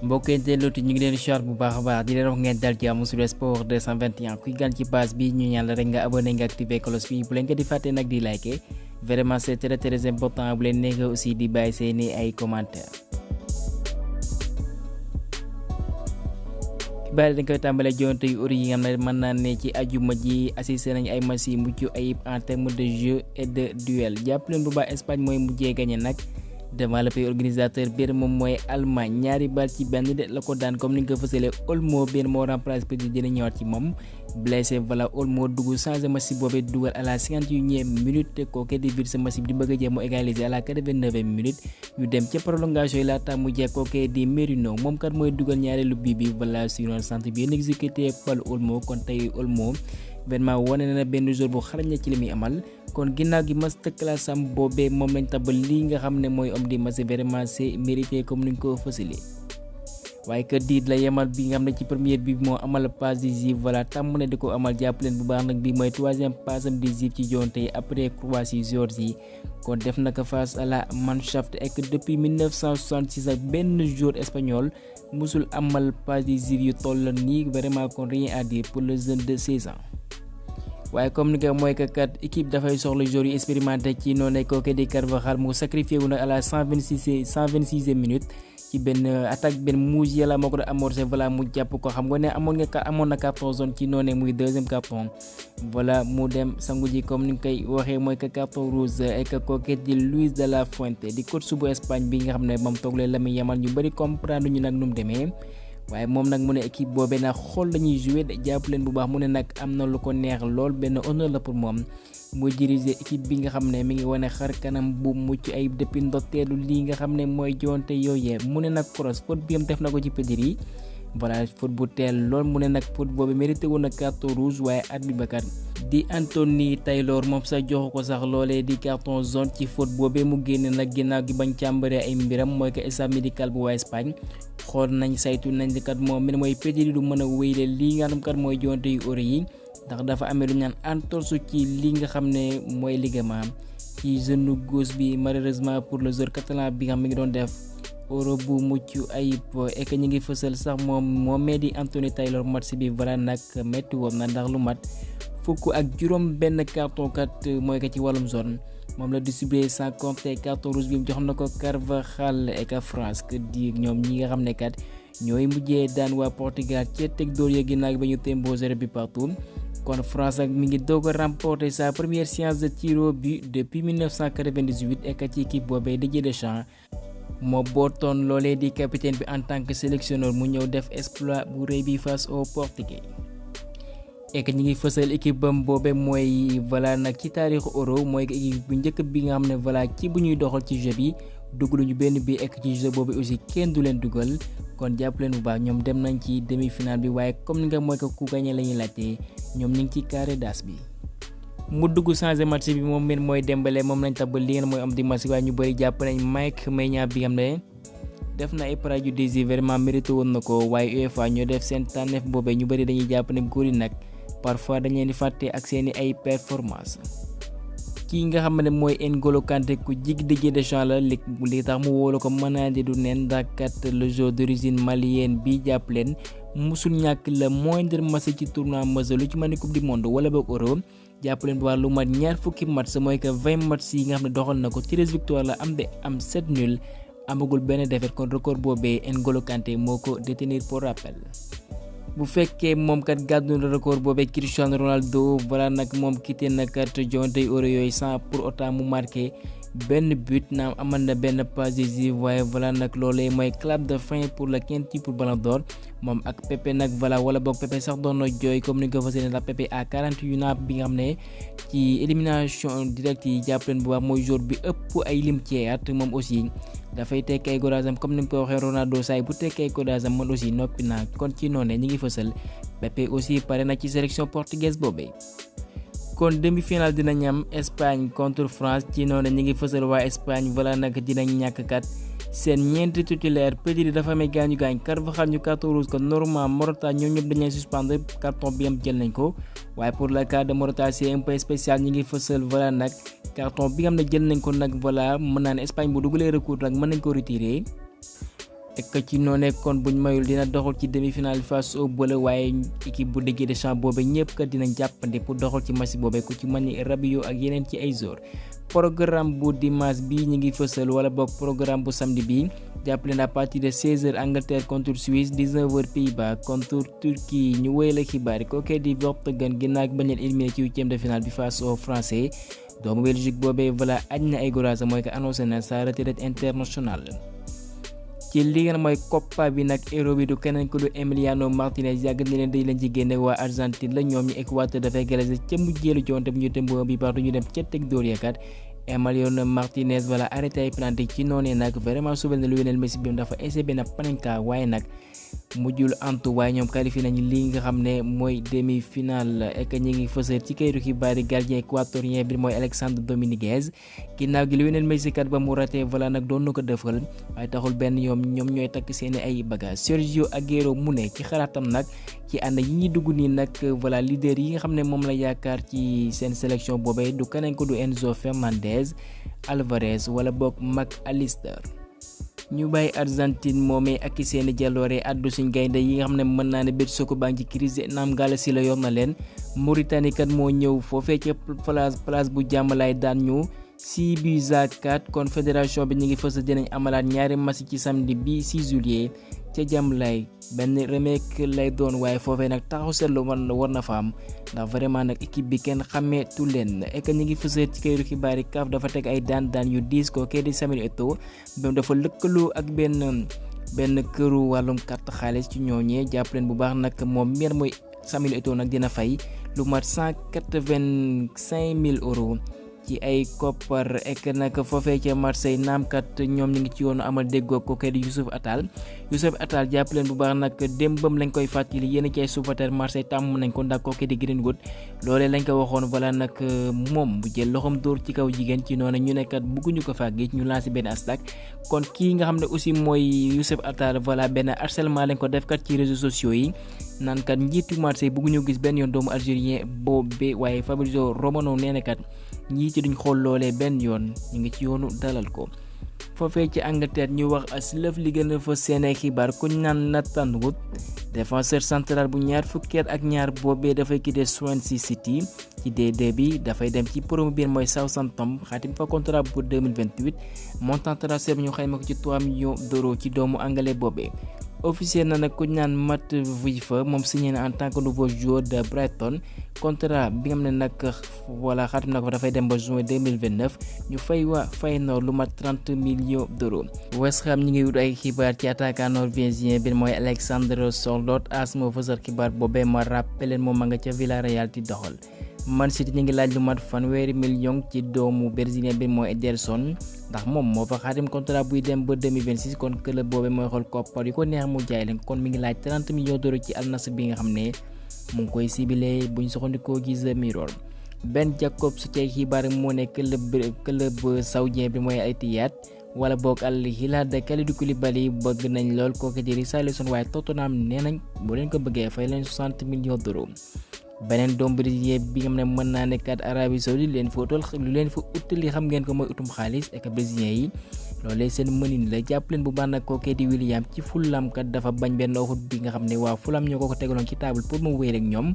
mbokk internet ñu ngi leen char bu baax e. a baax di leen wax ngeen dal ci am sur sport 221 kuy gan ci page bi ñu ñaan la rek nga abonné nga activé cloche bi bu leen ko di fàtte nag di liker vraiment c'est très très important bu leen nekkee aussi di bàyyi seeni ay commentaire xibaar dañ koy tàmbalee jonte yu ori yi nga xam mën naa ne ci ajuma ji assisté nañ ay mucc ayib en terme de jeu et de duel jàpp leen bu baax Espagne mooy mujjee gagné nag devant le pays organisateur biir moom mooy Allemagne ñaari bal ci benn de la ko daan comme ni nga ko fësalee Olmo biir moo remplacé Pedri dina ñëwaat ci moom blessé voilà Olmo dugg changé match boobee dugal à la te kooke di biir sa match di bëgg a jéem mu égaliser à la 89e minute ñu dem ca prolongation yi laata mu jeex kooke di Merino moom kat mooy dugal ñaareelu bii bi voilà sur un centre bien exécuté par Olmo kon tey Olmo. vraiment wane na benn jour bu xarañ ci limi amal kon ginnaaw gi masterclass am boobee moom lañ tabal lii nga xamné moy mooy homme du match vraiment c'est mérité comme niñ ko fësale waaye kër diit la yemal bi nga xamné ci première bi moo amal passe décisive voilà tàmm na di amal japp len bu baax nak bi moy troisième passe am décisive ci jonté après Croatie Géorgie kon def na face à la Mannschaft ek depuis 1966 ak benn jour espagnol musul amal passe décisive yu toll ni vraiment kon rien à dire pour le jeune de 16 ans. waaye comme ni nga mooy que kat équipe dafay soxla joueurs yu expérimenté ci noonu lay kooku di Carvajal mu sacrifié wu nag à la ci benn attaque benn mouge yàlla moo ko jàpp ko xam nga ne amoon nga amoon na carton jaune ci noonu muy deuxième carton voilà mu dem sa ji comme ni nga koy waxee mooy que carton rouge ak kooku di Luis de la Fuente di coach subu Espagne bi nga xam ne moom toog la muy yamal ñu bëri comprendre ñu nag nu mu demee. waaye moom nag mu ne équipe boobee nag xool lañuy jouer jàpp leen bu baax mu ne nag am na lu ko neex lool benn honneur la pour moom mu diriger équipe bi nga xam ne mi ngi wane xar kanam bu mucc ayib depuis teelu lii nga xam ne mooy jonte yooyee mu ne nag cross pot bi am def na ko ci pédir yi barrage foot bu teel lool mu ne nag foot boobe mérité woon na carton rouge waaye arbitre bakat di Anthony Taylor moom sax joxu ko sax loolee di carton zone ci foot boobee mu génne nag ginnaaw gi bañ càmbaree ay mbiram mooy ko staff médical bu waa Espagne xool nañ saytu nañ kat moom mi mooy Pedri du mën a wéyle lii nga xam kat mooy jonte yu ore yi ndax dafa amee lu ñaan entorse ci li nga xam ne mooy ligament ci genou gauche bi malheureusement pour le joueur catalan bi nga xam mi ngi doon def Europe bu mucc ayib et que ñi ngi fësal sax moom moomee di Anthony Taylor match bi voilà nag metti woon na ndax lu mat fukk ak juróom benn carton kat mooy ko ci wàllum zone moom la distribué sans compter carton rouge bi jox na ko Carvajal et que France que di ñoom ñi nga xam ne kat ñooy mujjee daan waa Portugal ci teg dóor ya ginnaaw ba ñu tembo zéro bi partout kon France ak mi ngi doog a remporter sa première séance de tir au but depuis 1998 et que ci équipe boobee Didier Deschamps moo bootoon loolee di capitaine bi en tant que sélectionneur mu ñëw def exploit bu rëy bi face au portugais ek ñi ngi fësal équipe bam boobe mooy voilà nag ci taarixu euro mooy équipe bu njëkk bi nga xam ne voilà ci bu ñuy doxal ci jeu bi duggaluñu benn bi ek ci jeu boobu aussi kenn du leen dugal kon jàpp leen bu baax ñoom dem nañ ci demi-finale bi waaye comme ni nga mooy ko ku gagné la ñuy laajte ñoom ñu ngi ci carré d'as bi. mu dugg changé match bi moom meen mooy dembale moom lañ tabb li ngeen mooy am di match waaye ñu bëri jàpp nañ Mike Maignan bi xam ne def na ay parades des désir vraiment mérité woon na ko waaye UEFA ñoo def seen tànneef boobee ñu bëri dañuy jàpp ne góor yi nag parfois dañ leen di fàtte ak seeni ay performance kii nga xam ne mooy N'Golo ku jig Didier Deschamps la li li tax mu woole ko di du neen ndax kat le joueur d'origine malienne bi jàpp leen musul ñàkk la moindre match ci tournoi majeur lu ci mel ni coupe du wala boog jàppaleen leen bu baax lu mat ñaar fukki match mooy que 20 match yi nga xam ne doxal na ko 13 victoire la am de am 7 nul amagul benn défaite kon record boobe N'Golo Kanté moo ko détenir pour rappel. bu fekkee moom kat gàddu na record boobee Cristiano Ronaldo voilà nag moom quitté na kat jonte euro yooyu sans pour autant mu marqué. benn but naam amal na benn passe décisive waaye voilà nag loolee mooy clap de fin pour le quintuple Ballon d'Or moom ak Pepe nag voilà wala boog Pepe sax doon na jooy comme ni nga ko fas yéene la Pepe à 41 bi nga xam ne ci élimination directe yi jàpp leen bu baax mooy jour bi ëpp ay lim ci at moom aussi dafay tekk ay godasam comme ni nga ko waxee Ronaldo saay bu tekk ay godasam man aussi noppi naa kon ci noonu ne ñu ngi fësal Pepe aussi pare na ci sélection portugaise boobee. kon demi-finale dinañ am Espagne contre France ci noonu ñi ngi fësal waa Espagne wala nag dinañ ñàkk kat seen ñeenti titulaire Pedri dafa amee gaañu gaañ Carvajal ñu carton rouge ko Norman Morata ñoom ñëpp dañuy suspendre carton bi am jël nañ ko waaye pour la cas de Morata c'est un peu spécial ñi ngi fësal voilà nag carton bi nga xam ne jël nañ ko nag voilà mën naa ne Espagne bu dugalee recours nag mën nañ ko retirer. Pochettino nekkoon buñ mayul dina doxal ci demi-finale face au Bale waaye équipe bu Didier Deschamps boobe ñëpp kat dinañ jàppandi pour doxal ci match boobe ku ci mën ni Rabiot ak yeneen ci ay joueurs programme bu dimanche bi ñu ngi fësal wala boog programme bu samedi bi jàppale na à de 16h Angleterre Suisse 19h Pays-Bas contre Turquie ñu wéyale xibaar yi kookee di Vertonghen ginnaaw ak bañ a ci huitième de finale bi face aux Français doomu Belgique boobee voilà añ na ay ci li ngeen mooy Copa bi nag héros bi du keneen ku du Emiliano Martinez yàgg na leen dañ leen ci génne waa Argentine la ñoom ñu Équateur dafay gérésé ca mujjeelu joonte bi ñu tëmboo bi baax du ñu dem ca teg dóor yakat Emiliano Martinez wala arrêté ay planté ci noonee nag vraiment suvel na lu Lionel Messi bi dafa essayé benn panenka waaye nag mujjul antu waaye ñoom qualifié nañu li nga xam ne mooy demi finale ek ñi ngi fësal ci kayitu xibaar yi gardien équatorien bi mooy Alexandre Dominguez ginnaaw gi li weneen mexicain ba mu raté vala nag doon na ko defal waaye taxul benn ñoom ñoom ñooy takk seeni ay bagages Sergio Aguero mu ne ci xalaatam nag ci ànd yi ñuy dugg nii nag voilà leader yi nga xam ne moom la yaakaar ci seen sélection boobee du keneen ko du Enzo Fernandez Alvarez wala boog Mac Allister ñu bàyyi Argentine moomee ak i seeni jaloore addu suñ gaynde yi nga xam ne mën naa ne Betsoko baa ngi ci crise naam gaala si la yor na leen Mauritanie moo ñëw foofee ca place place bu jàmmalaay daan ñëw 6 buts à 4 kon fédération bi ñu ngi fës dinañ amalaat ñaari match ci samedi bi 6 juillet ca jam lay benn remake lay doon waaye foofee nag taxaw seetlu war na fa am ndax vraiment nag équipe bi kenn xàmmeetu leen et que ñu ngi fësal ci këyitu xibaar yi CAF dafa teg ay daan daan yu diis ko kii di Samuel Eto'o ba dafa lëkkaloo ak benn benn këru wàllum carte xaalis ci ñooñee jàpp leen bu baax nag moom meer mooy Samuel Eto'o nag dina fay lu mat 185 000 euros. ci ay koppar ek nag foofee ca Marseille naamkat ñoom ñu ngi ci yoonu amal déggoo ko kay di Youssouf Attal Youssouf Attal jàpp leen bu baax nag démbam lañ koy fàttali yéen ci ay supporter Marseille tàmm nañ ko ndax kooku di Greenwood loolee lañ ko waxoon voilà nag euh, moom bu jël loxoom dóor ci kaw jigéen ci noonu ñu nekkat bëgguñu ko faa ñu ñu lancé benn hashtag kon kii nga xam ne aussi mooy Youssouf Attal voilà benn harcèlement lañ ko def kat ci réseaux sociaux yi naan kat njiitu Marseille bëgguñu gis benn yoon doomu algérien boobee waaye Fabrizio Romano nee na kat ñii ci duñ xool loolee benn yoon ñu ngi ci yoonu dalal ko. foofee ci Angleterre ñu wax as lëf li gën a fës seen xibaar kuñ naan Nathan Wood défenseur central bu ñaar fukki ak ñaar boobee dafay quitté Swansea City ci DD bi dafay dem ci promu biir mooy Southampton xaatim fa contrat bu 2028 montant transfert bi ñu xayma ko ci 3 millions d'euros ci doomu angale boobee. officiel na nag ku signé en tant que nouveau joueur de Brighton contrat bi nga xam ne voilà na ko dem ba juin 2029 ñu fay 30 millions d'euros. West Ham ñu ngi wut ay xibaar ci norvégien bi Alexander soldot AS moo xibaar boobee ma rappelé moom ma nga ca real di doxal Man City ngi laaj lu mat million ci Ederson. ndax moom moo fa xaatim contrat buy dem ba 2026 kon club boobee mooy xool koppar yu ko neex mu jaay leen kon mi ngi laaj 30 millions d'euros ci Al bi nga xam ne mu ngi koy sibilee buñ soxandikoo ci The Mirror Ben Jacobs ci xibaar moo ne club club saoudien bi mooy Al Ittihad wala boog Al Hilal de Kalidou Koulibaly bëgg nañ lool kooku di Richarlison waaye Tottenham nee nañ bu leen ko bëggee fay leen 60 millions d'euros beneen dombrier bi nga xam ne mën naa nekkaat Arabie Saoudite leen fa utal lu leen fa utal li xam ngeen ko mooy utum xaalis eh, ak brésilien yi loolee seen mënin la jàpp leen bu baax nag kookee di William ci fulamkat dafa bañ benn waxut bi nga xam ne waa fulam ñoo ko ko tegaloon ci table pour mu wéy rek ñoom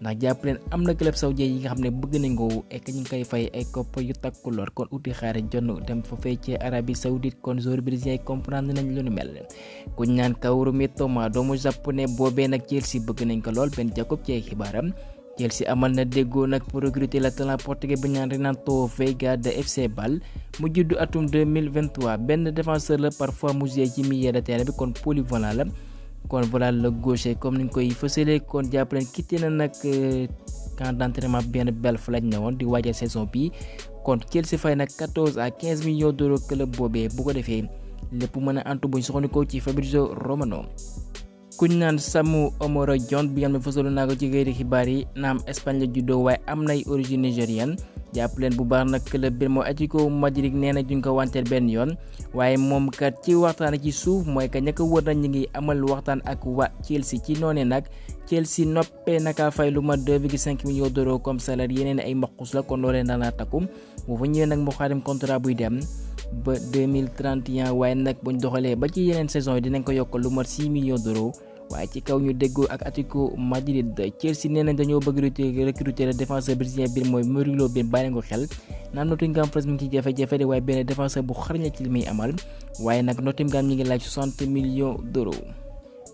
ndax jàppaleen am na club saoudien yi nga xam ne bëgg nañ ko ek ñu ngi koy fay ay kopp yu takku lool kon uti xaare jonn dem fa fay ci Arabie Saoudite kon joueur brésilien yi comprendre nañ lu nu mel kuñ naan Kaoru Mitoma doomu japonais boobee nag Chelsea bëgg nañ ko lool benn Jacob ci ay xibaaram Chelsea amal na déggoo nag pour la talent portugais bi ñaan Renato Veiga de FC Bâle mu juddu atum 2023 benn défenseur la parfois mu joué ci milieu de terrain bi kon polyvalent la kon voilà le gaucher comme niñ koy fësalee kon japp len quitté na nag euh, camp d'entraînement benn belle lañ ne di wajé saison bi kon Chelsea fay nak 14 à 15 millions d'euros club bobé bu ko défé lepp en tout antu buñ soxla ko ci Fabrizio Romano. kuñ naan samu omoro john bi ngeen ma fësalu naa ko ci gëyri xibaar yi naam espagne la juddoo waaye am nay origine nigérienne jàpp leen bu baax nag club bi moo atiko madrid nee na ko yoon kat ci waxtaan ci ka ñaka wër na amal waxtaan ak wa chelsea ci noonee nag chelsea noppee naka fay luma ma 2,5 millions d'euros comme salaire yeneen ay maqus la kon loolee dana takku bu fa ñëwee nag mu xaatim contrat buy dem ba 2031 waaye nag buñ doxalee ba ci yeneen saison yi dinañ ko 6 millions d'euros waaye ci kaw ñu déggoo ak Atlético Madrid Chelsea nee nañ dañoo bëgg recruter recruter le défenseur brésilien bi mooy Murilo bi bàyyi ko xel naan Nottingham Forest mi ci jafe-jafe de waaye benn défenseur bu xarañ ci li muy amal waaye nag Nottingham ñi ngi laaj 60 millions d'euros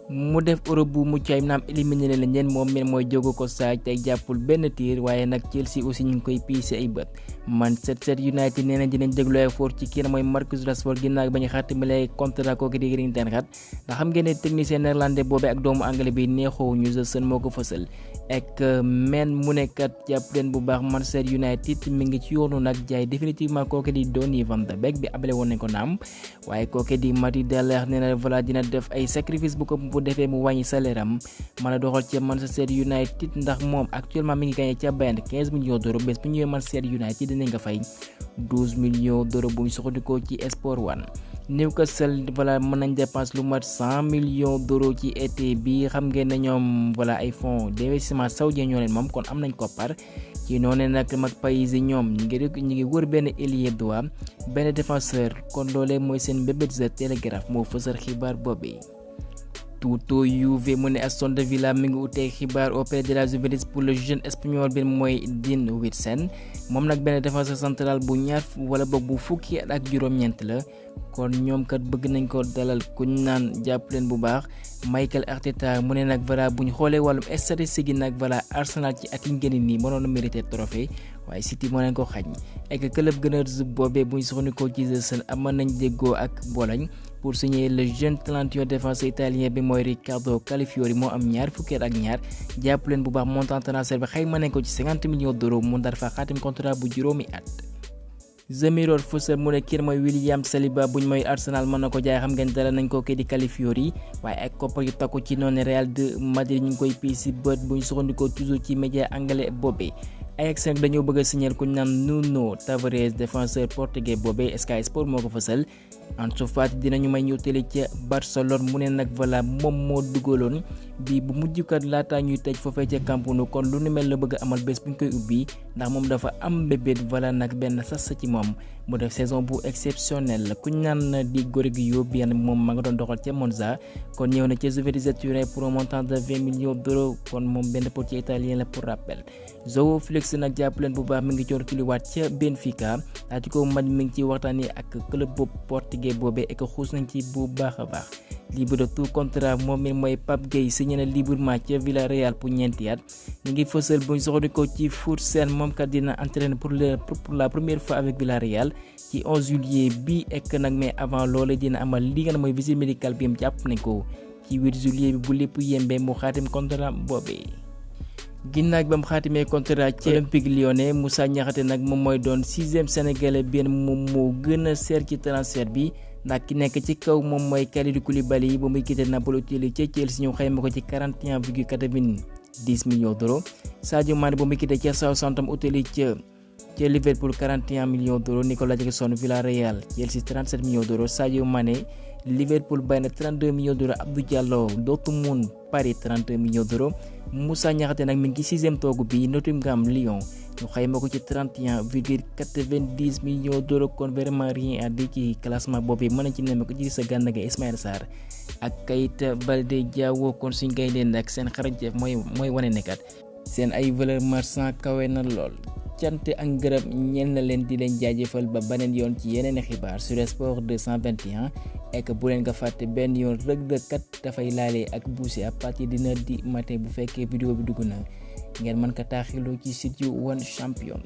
mu def Europe bu mucc ayib naam éliminé leen ñeen moom mi mooy Diogo Costa tey jàppul benn tiir waaye nag Chelsea aussi koy piise ay bët Manchester United nee nañ dinañ ay fort ci kii na mooy Marcus Rashford ginnaaw ba ñu xaatimalee contrat kooku di Erik ten Hag ndax ngeen ne technicien néerlandais ak doomu anglais bi neexoo ñu sën moo ko fësal ak uh, men mu nekkat jàpp bu baax Manchester United mi ngi ci yoonu nag jaay définitivement kooku di Donny van de Beek bi abale bu defee mu wàññi salaire am mën a doxal ca Manchester United ndax moom actuellement mi ngi gagné ca Bayern 15 millions d'euros bés bu ñëwee Manchester United dina nga fay 12 millions d'euros bu ñu soxandikoo ci Sport 1. Newcastle mën nañ dépense lu mat 100 millions d'euros ci été bi xam ngeen ne ñoom voilà ay fonds d'investissement saoudien ñoo leen moom kon am nañ koppar ci noonu nag mag pays yi ñoom ñu ngi ñu ngi wër benn ailier droit benn défenseur kon loolee mooy seen mbébét The Telegraph Tuto Juve mu ne Aston Villa mi ngi utee xibaar auprès de la Juventus pour le jeune espagnol bi mooy Dean Wilson moom nag benn défenseur central bu ñaar wala boog bu fukki ak juróom-ñeent la. kon ñoom kat bëgg nañ ko dalal kuñ naan jàpp leen bu baax Michael Arteta mu ne nag voilà bu ñu xoolee wàllum statistique yi nag voilà Arsenal ci ak yi ñu nii mënoon a mérité trophée waaye City moo leen ko xañ ek club gën a zub boobee bu sukkandikoo ci The Sun nañ déggoo ak Bologne pour signer le jeune talentueux défenseur italien bi mooy Riccardo Calafiori moo am ñaar fukki ak ñaar jàpp leen bu baax montant transfert xay ma nañ ko ci 50 millions d'euros mu ndar fa bu juróomi at. The Mirror fësal mu ne kii mooy William Saliba buñ mooy Arsenal mën na ko jaay xam ngeen dara nañ ko kii di Calafiori waaye ak koppar yu takku ci noonu Real de Madrid ñu ngi koy pii si bët buñ sukkandikoo toujours ci média anglais boobee. Ajax nag dañoo bëgg a signer ku ñu naan Nuno Tavares défenseur portugais boobee Sky Sport moo ko fësal Ansu Fati dinañu may ñu tële ca Barcelone mu ne nag voilà moom moo duggaloon bii bu mujjkat laata ñuy tëj foofee ca Camp Nou kon lu nu mel na bëgg amal bés bu ñu koy ubbi ndax moom dafa am bébét voilà nag benn sas ci moom. mu def saison bu exceptionnelle ku ñu naan di Gorgui Diop yenn moom ma nga doon doxal ca Monza kon ñëw na ca Juventus de Turin pour un montant de 20 millions kon moom benn portier italien la pour rappel. João Félix nag jàpp leen bu baax mi ngi coon kiliwaat ca Benfica laata ko man mi ngi ci waxtaanee ak club boobu portugais boobee ek xuus nañ ci bu baax a baax. libre de tout contrat moom mi mooy Pape Gueye signé na librement ca Villarreal pour ñeenti at ñu ngi fësal buñ soxandikoo ci Fur Sène moom dina entraîné pour la pour la première fois avec Villarreal ci 11 bi ek nag mais avant loolee dina amal li nga ne mooy visite médicale bi am jàpp nañ ko ci 8 bi bu lépp yembe mu xaatim contrat boobee. ginnaaw ba mu xaatimee contrat ci Olympique Lyonnais nag moom mooy doon sixième sénégalais benn moom moo gën a seer ci transfert bi. ndax ki nekk ci kaw moom mooy Kalidou Koulibaly ba muy quitté Napoli utile ca Chelsea ñu xayma ko ci 41 virgule 90 millions d'euros Sadio Mané ba muy quitté ca Southampton utile ca ca Liverpool 41 millions d'euros Nicolas Jackson Villarreal Chelsea 37 millions d'euros Sadio Mané Liverpool bay na 32 millions d'euros Abdou Diallo Dortmund Paris 32 millions d'euros Moussa Niakhaté nag mi ngi ci sixième toogu bi Nottingham Lyon. ñu xayma ko ci 31 virgule 90 millions d'euros kon vraiment rien à dire ci ma boobu mën na ci nemme ko ci sa gànn ga Ismaïla Sarr ak Keita Baldé Diawo kon suñ gaynde ak seen xarañteef mooy mooy wane nekkat seen ay valeur marchand kawe na lool cant ak ngërëm ñeel na leen di leen jaajëfal ba beneen yoon ci yeneen xibaar sur sport 221 ek bu leen nga fàtte benn yoon rëg kat dafay laale ak buuse à partir dina di matin bu fekkee vidéo bi dugg na ngeen mën ko taaxiloo ci site won One Champion.